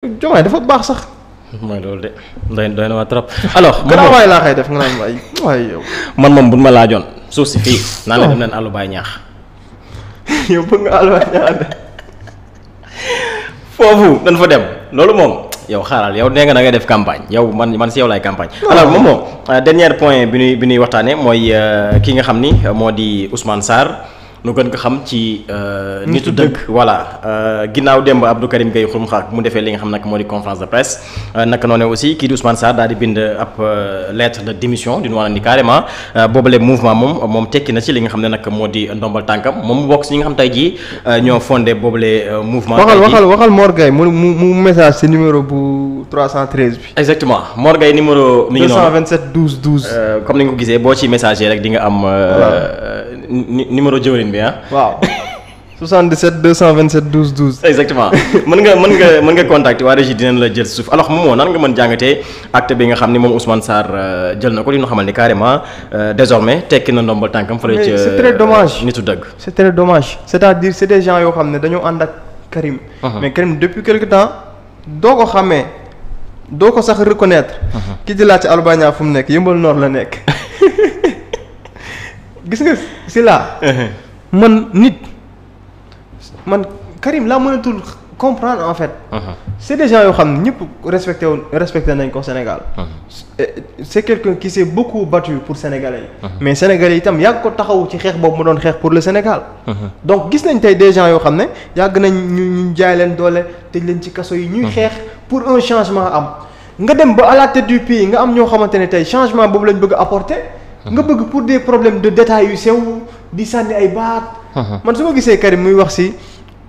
Diomaye dafa baax sax. mooy loolu de doy doy na ma trop. alors man waay laa koy def nga naan waay waay man moom bu ma laa laajoon suuf si fii. naan la dem oh. baay ñaax. yow bëgg nga de. loolu moom yow xaaral yow nee nga da ngay def campagne yow man man si yow laay campagne. alors moom moom euh, dernier point bi ñuy bi nuy waxtaanee mooy euh, ki nga xam ni moo di Ousmane Sarr. nu gën ko xam ci. Euh, nitu dëkk voilà euh, ginnaaw démb Abdou Karim xurum xaak mu defee li nga xam nag moo di conférence de presse euh, naka noonu aussi kii di Ousmane Sarr daal di bind ab lettre de démission di nu wax ni carrément boobale mouvement moom moom tekki na ci li nga xam ne nag moo di ndombal tànkam moom mu bokk si ñi nga xam tey jii ñoo fondé boobale mouvement. waxal waxal waxal Mor Gueye mu message si numéro bu 313 bi. exactement Mor Gueye numéro. mi ngi noonu 227 12 12. comme ni nga ko gisee boo ci messager rek di nga am. numéro jëwriñ bi ah. waaw 77 227 12 12. exactement mën nga mën nga mën nga contacter waa régie dinañ la jël suuf alors moom nan nga mën jàngatee acte bi nga xam ni moom Ousmane Sarr euh, jël na ko li ñu xamal ni carrément euh, désormais tekki na ndombal tànkam. fële ca c'est très dommage euh, nitu dëgg. c'est très dommage c'est-à-dire c'est des gens yoo xam ne dañoo ànd ak Karim. Uh-huh. mais Karim depuis quelque temps doo ko xamee doo ko sax reconnaître. Uh-huh. ki mu nekk yëmbal noor la nekk. gis nga si laa uh-huh. man nit man Karim laa mënatul comprendre en fait. Uh -huh. yoo xam ne ñëpp respecté wu respecté nañ ko Sénégal. Uh -huh. c' est quelqu'un qui s'est beaucoup battu pour sénégalais yi. Uh -huh. mais sénégalais yàgg ko taxawu ci xeex boobu mu doon xeex pour le Sénégal. Uh-huh. donc gis nañ tey des yoo xam ne yàgg nañ ñu ñu jaay leen doole tëj leen ci kaso yi. ñuy uh-huh. xeex pour un changement am. nga dem ba à la tête du pays nga am ñoo xamante ne tey changement boobu lañ bëgg apporter. nga bëgg pour des problèmes de détails yu sew di sànni ay baat. Uh-huh. man su ma gisee Karim muy wax ci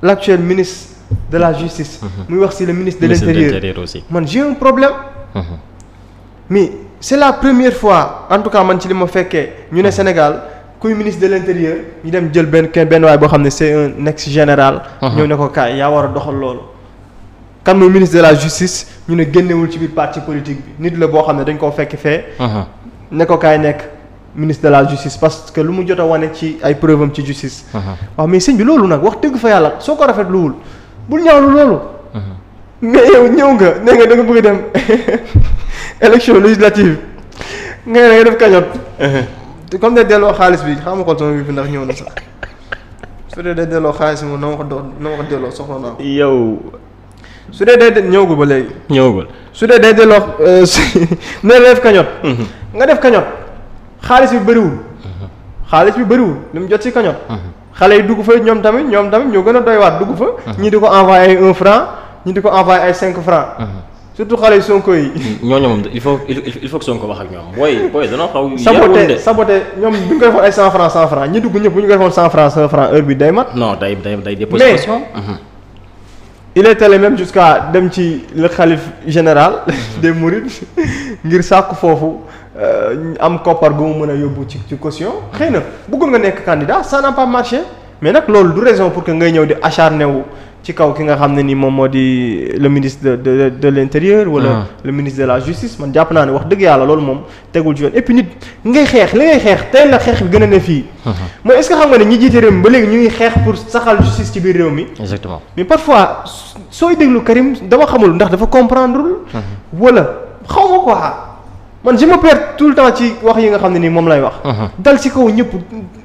l'actuel ministre de la justice. Uh-huh. muy wax si le ministre de l'intérieur aussi man j'ai un problème. Uh-huh. mais c'est la première fois en tout cas man ci li ma fekkee ñu ne Sénégal. kuy ministre de l'intérieur ñu dem jël benn kenn benn waay boo xam ne c'est un ex général. ñëw ne ko kaay yaa war a doxal loolu. kan muy ministre de la justice ñu ne génnewul ci biir parti politique nit la boo xam ne dañ koo fekk fee. ne ko kaay nekk ministre de la justice parce que lu mu jot a wane ci ay preuve am ci justice. waaw mais sëñ bi loolu nag wax dëgg fa yàlla soo ko rafetluwul bul ñaawlu loolu. mais yow ñëw nga nee nga da nga bëgg a dem élection def cagnotte. te comme delloo xaalis bi xaaral ma xool sama bi ndax ñëw na sax su dee day delloo xaalis moom na ma doo na ko delloo soxla naa ko. yow. su dee day ñëwagul ba léegi. ñëwagul su dee day delloo nee euh, na def cagnotte. nga def cagnotte. xaalis bi bëriwul. xaalis bi bëriwul li mu jot ci cagnotte. xale yi dugg fa ñoom tamit ñoom tamit ñoo gën a doy dugg fa. ñii di ko envoyé ay un franc ñii di ko envoyé ay cinq franc. surtout xale yu Sonko yi. ñooñu moom il faut il faut que Sonko wax ak ñoom booy booy danoo xaw. sabote sabote ñoom bu ñu ko defoon ay cent franc cent franc ñi dugg ñëpp bu ñu ko defoon cent franc cent franc heure bi day mat. non day day day déposé question il est allé dem ci le xalif général des mourides ngir sàkku foofu. Euh, am koppar gu mu mën a yóbbu ci ci caution xëy na bëggul nga nekk candidat ça n'a pas marché mais nag loolu du raison pour que ngay ñëw di acharné wu ci kaw ki nga xam ne ni moom moo di le ministre de de de l'intérieur. wala ah. le ministre de la justice man jàpp naa ne wax dëgg yàlla loolu moom tegul ci yoon et nit ngay xeex li ngay xeex tey la xeex bi gën a ne fii. Ah. mooy est-ce que xam nga ne ñi léegi ñu ngi xeex pour saxal justice ci biir réew mi. exactement mais parfois sooy déglu Karim dama xamul ndax dafa comprendre ah. wala xaw man je me tout le temps ci wax yi nga xam ne ni moom lay wax. Uh-huh. dal ci kaw ñëpp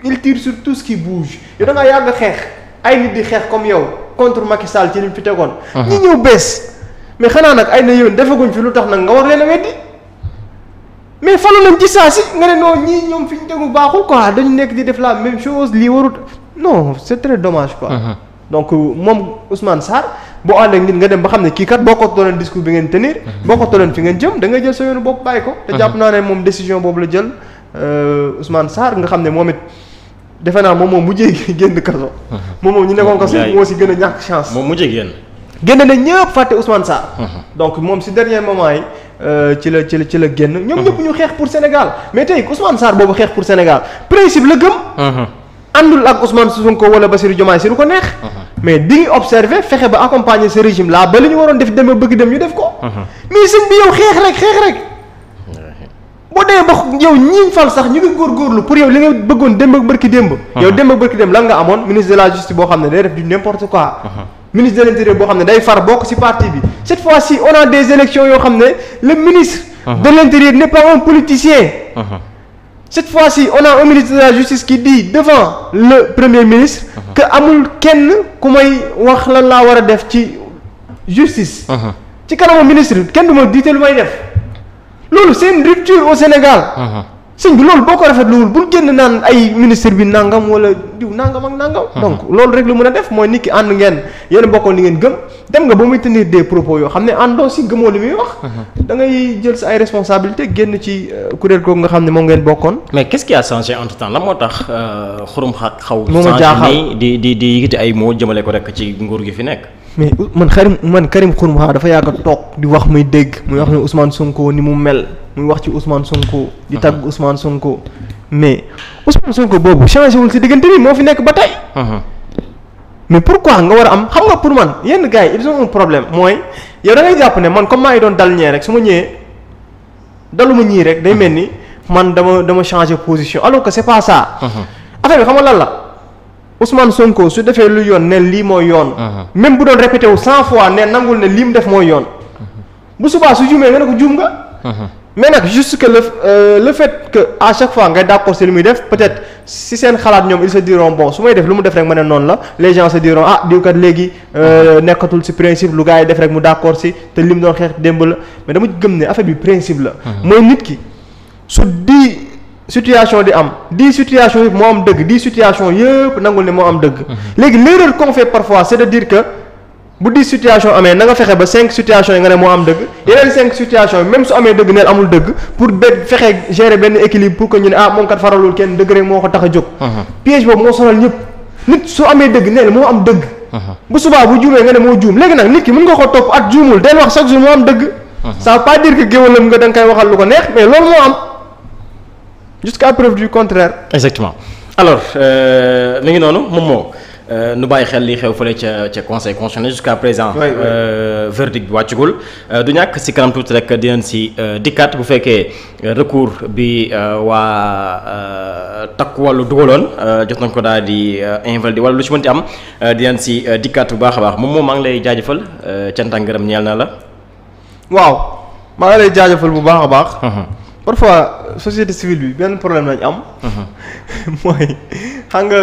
il tire sur tout ce qui bouge. yow da yàgg xeex ay nit di xeex comme yow contre Macky Sall ci liñ fi tegoon. Uh-huh. ñi ñëw bees mais xanaa nag ay na yoon defaguñ fi lu tax nag nga war leen a weddi mais falu nañ ci saa si nga ne non ñii ñoom fi ñu tegu baaxul quoi dañu nekk di def la même chose lii warut non c'est très dommage quoi. Uh-huh. donc euh, moom Ousmane Sarr. boo ànd ak nit nga dem ba xam ne kii kat boo ko tooleen discours bi ngeen tenir mhm. boo ko tooleen fi ngeen jëm da jël sa yoonu bopp bàyyi ko te mhm. jàpp naa ne moom décision boobu la jël euh, Ousmane Sarr nga xam ne moom it defe naa moom moom mujjee génn kaso mhm. moom moom ñu nekkoon kaso moo si gën ñàkk chance moom mujjee génn génn na donc moom si dernier moment yi euh, ci la ci la ci la génn ñoom ñëpp ñu xeex pour Sénégal mais tey Ousmane Sarr boobu xeex pour Sénégal principe la gëm àndul ak Ousmane Sonko wala Bassirou Diomaye si lu ko neex mais bi nga observé fexe ba accompagner ce régime là ba li ñu waroon def deme bëgg dem ñu def ko. Mhm. mais sëñ bi yow xeex rek xeex rek. boo demee ba yow ñiiñ fal sax ñu ngi góorgóorlu pour yow li nga bëggoon démb ak bërki démb. Mhm. yow démb ak bërki démb lan nga amoon ministre de la justice boo xam ne day def du n'importe quoi. Mhm. ministre de l'intérieur boo xam ne day far bokk ci parti bi. cette fois-ci on a des élections yoo xam ne le ministre. de l'intérieur n'est pas cette fois si on a un ministre de la justice qui dit devant le premier ministre uh-huh. que amul kenn ku may wax lan laa war a def ci justice uh-huh. ci kanamu ministre kenn du ma dite lu may def loolu seen une rupture au Sénégal uh-huh. sëñ bi loolu boo ko rafetluwul bu génn naan ay ministre bi nangam wala diw nangam ak nangam. Mhm. donc loolu rek lu mën a def mooy nikki ki ànd ngeen yéen bokkoon li ngeen gëm dem nga ba muy tenir des propos yoo xam ne àndoo si gëmoo li muy wax. Mhm. da ngay jël sa ay responsabilité génn ci euh, kuréel googu nga xam ne moom ngeen bokkoon. mais qu'est-ce qui a changé entre temps la moo tax euh, xurum xaq xaw. moom a jaaxal di di di yëkkati ay moo jëmale ko rek ci nguur gi fi nekk. mais man Karim man Karim Xrum dafa yàgg a toog di wax may dégg muy wax ne Ousmane Sonko ni mu mel muy wax ci Ousmane Sonko. di tàgg uh-huh. Ousmane Sonko mais Ousmane Sonko boobu changé wul si diggante bi moo fi nekk ba tey. Uh-huh. mais pourquoi nga war a am xam nga pour man yenn gars yi ils ont problème mooy yow da jàpp ne man comme maa ngi doon dal ñee rek su ma ñëwee dalu ma ñii rek day mel ni uh-huh. man dama dama changé position alors que c'est pas ça. affaire bi xam a lan Ousmane Sonko su defee lu yoon ne lii mooy yoon. Uh-huh. même bu doon répété wu cent fois ne nangul ne lii mu def mooy yoon. Uh-huh. bu subaa su jumee nga ne ko juum nga. Uh-huh. mais nag juste que le euh, fait que à chaque fois ngay d'accord si li muy def peut-être si seen xalaat ñoom ils se diront bon su may def lu mu def rek ma ne noon la les gens se diront ah diw kat léegi euh, nekkatul si principe lu gars yi def rek mu d'accord si te li mu doon xeex démb la mais dama gëm ne affaire bi principe la. mooy nit ki situation di am dix situation yëpp moo am dëgg dix situation yëpp nangul ne moo am dëgg mhm. léegi l'erreur qu'on fait parfois c'est de dire que bu dix situation amee na nga fexe ba cinq situation yi nga ne moo am dëgg yeneen cinq situation même su amee dëgg neel amul dëgg pour ba fexe gérer benn équilibre pour que ñu ne ah moom kat faralul kenn dëgg rek moo ko tax a jóg mhm. piège boobu moo sonal ñëpp nit su amee dëgg neel moo am dëgg mhm. bu subaa bu juumee nga ne moo juum léegi nag nit ki mën nga ko topp at juumul del ko neex mais loolu moo am jusqu'à preuve du contraire. exactement alors euh, mi ngi noonu moom moo euh, nu bàyyi xel li xew fële ca ca conseil constitutionnel jusqu'à présent. oui euh, verdict bi wàccugul du ñàkk si kanam tuuti rek dinañ si dikkaat bu fekkee recours bi waa takku wàllu dugaloon jox nañ ko daal di invalidé wala lu si mënti am dinañ si dikkaat bu baax a baax moom moom maa ngi lay jaajëfal cant ak ngërëm ñeel na la. waaw maa ngi lay jaajëfal bu baax a baax. Mhm. pour fois société civile bi benn problème lañ am. Mhm. mooy xam nga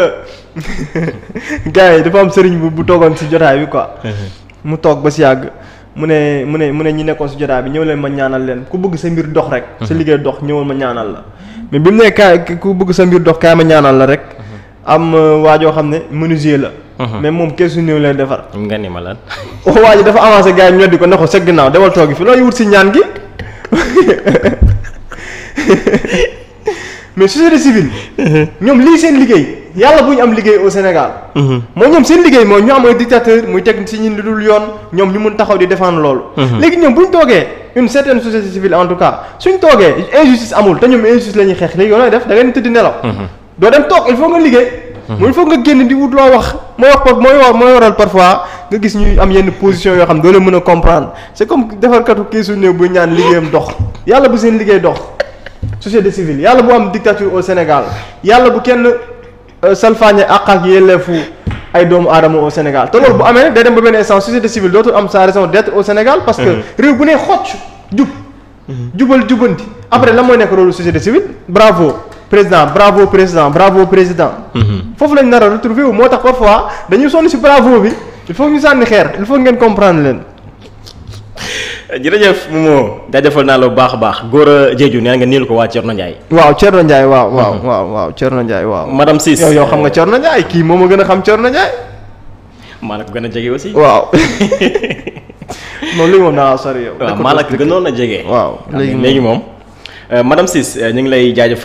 gars yi dafa am sëriñ bu bu toogoon ci jotaay bi quoi. Mhm. mu toog ba si yàgg mu ne mu ne mu ne ñi nekkoon si jotaay bi ñëw leen ma ñaanal leen ku bëgg sa mbir dox rek. Mhm. sa liggéey dox ñëwal ma ñaanal la. mais bi mu ne kaay ku bëgg sa mbir dox kaay ma ñaanal la rek. am euh, waa joo xam ne menuisier la. mais moom keesu néew lay defar. nga ni ma lan. waa ji dafa avancé gars yi ñoddi ko ne ko sa ginnaaw demal toogi fi ñaan gi. mais société civile. Uh-huh. ñoom lii seen liggéey yàlla bu ñu am liggéey au Sénégal. Uh-huh. mooy ñoom seen liggéey mooy ñu am ay dictateur muy teg si ñun lu dul yoon ñoom ñu mun taxaw di défendre loolu. Uh-huh. léegi ñoom bu ñu toogee une certaine société civile en tout cas suñ toogee injustice amul te ñoom injustice la xeex léegi yow looy def da ngeen tëdd nelaw. doo dem toog il faut nga liggéey. mooy il faut nga génn di wut loo wax moo wax mooy parfois nga gis ñuy am yenn position yoo xam doo leen mën a comprendre c'est comme defarkatu ñaan liggéeyam dox bu seen liggéey dox société civile yàlla bu am dictature au Sénégal yàlla bu kenn euh, salfaañe àq ak yelleefu ay doomu aadama au Sénégal te loolu bu amee day dem ba benn instant société civile dootul am sa raison d'être au Sénégal. parce que mhm. réew bu nee xocc jub. Mhm. jubal jubanti après la mooy nekk rôle société civile bravo. président bravo président bravo président. Mhm. foofu lañ nar a wu moo tax parfois dañuy sonn ci bravo bi il faut ñu sànni xeer il faut ngeen comprendre leen. Eh, jërëjëf Momo jaajëfal naa la bu baax a baax Gora Diédhiou nee nga niil ko waa Thierno Ndiaye. waaw Thierno Ndiaye waaw waaw mhm. waaw waaw Thierno Ndiaye waaw. madame Ciss yow yow xam nga Thierno Ndiaye kii moom a gën a xam Thierno Ndiaye. maa la ko gën a jege aussi. waaw non léegi moom naa sori yow. maa la ko gënoon a jege. waaw léegi moom eh, madame Ciss eh, ñu ngi lay jaajëfal.